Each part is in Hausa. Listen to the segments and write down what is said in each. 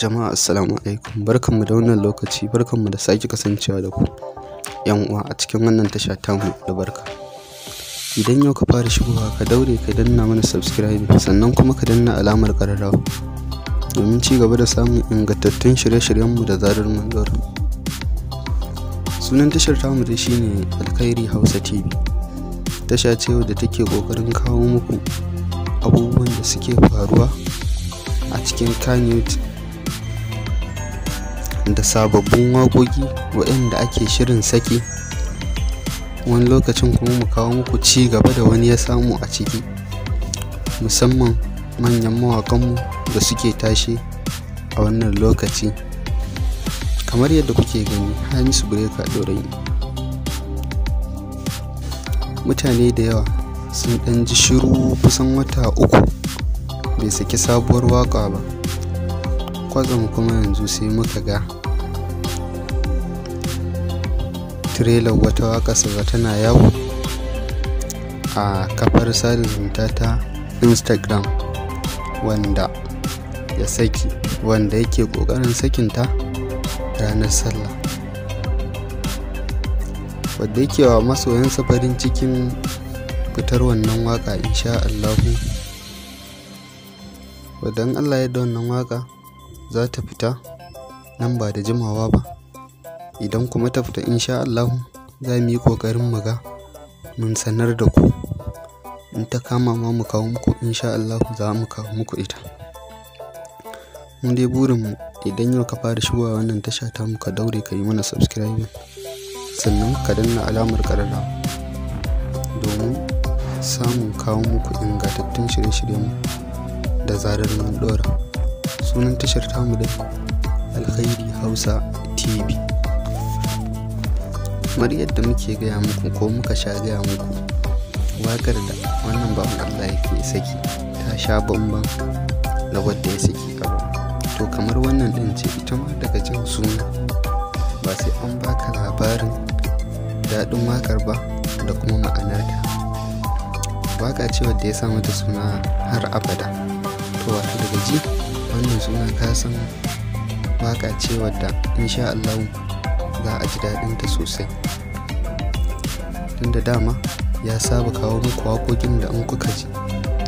Jama'a assalamu alaikum barkanmu da wannan lokaci barkanmu da sake kasancewa da ku yan uwa a cikin wannan tasha tamu da barka idan yau ka fara shigowa ka daure ka danna mana subscribe sannan kuma ka danna alamar kararrawa domin ci gaba da samun ingantattun shirye-shiryenmu da zarar mun dora sunan tashar tamu dai shine alkhairi hausa tv tasha ce wadda take kokarin kawo muku abubuwan da suke faruwa a cikin kanyoti da sababbin waƙoƙi waɗanda ake shirin saki wani lokacin kuma mu kawo muku ci gaba da wani ya samu a ciki musamman manyan mawaƙanmu da suke tashi a wannan lokaci kamar yadda kuke gani hamisu breka ɗorayi mutane da yawa sun ɗan ji shiru kusan wata uku bai saki sabuwar waƙa ba kwazon kuma yanzu sai muka ga tirelar wata waka waƙarsa tana yawo a kafar sada zumunta ta instagram wanda ya saki wanda yake ƙoƙarin sakinta ranar sallah wadda yake wa masoyansa farin cikin fitar wannan waƙa insha allahu wadda allah ya da wannan waka za ta fita nan ba da jimawa ba idan kuma ta fita insha Allah za mu yi ƙoƙarin mu ga mun sanar da ku in ta kama ma mu kawo muku insha Allah za mu kawo muku ita mun dai burinmu idan yau ka fara shigowa wannan tasha ta muka ka daure ka yi mana subscribe sannan ka danna alamar karara domin samun kawo muku ingantattun shirye-shiryen da zarar mun dora sunan tashar tamu da alkhairi hausa tv kamar yadda muke gaya muku ko muka sha gaya muku wakar da wannan babu allah ya saki ta sha bamban da wadda ya saki abu, to kamar wannan ɗin ce ita ma daga jin suna ba sai an baka labarin daɗin wakar ba da kuma ma'anata waka ce wadda ya sa mata suna har abada suna ka san waƙa ce wadda insha Allah za a ji ta sosai tunda dama ya saba kawo muku waƙoƙin da in kuka ji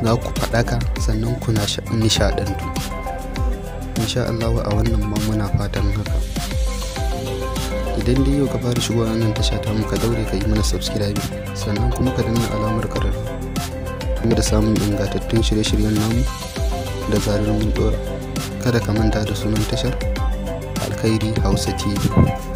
za ku faɗaka sannan ku na nishaɗantu insha Allah a wannan ma muna fatan haka idan dai yau ka fara shigowa nan tasha ta muka daure ka yi mana subscribe sannan kuma ka danna alamar karar kuma da samun ingantattun shirye-shiryen namu da zarar mun dora kada ka manta da sunan tashar alkhairi hausa tv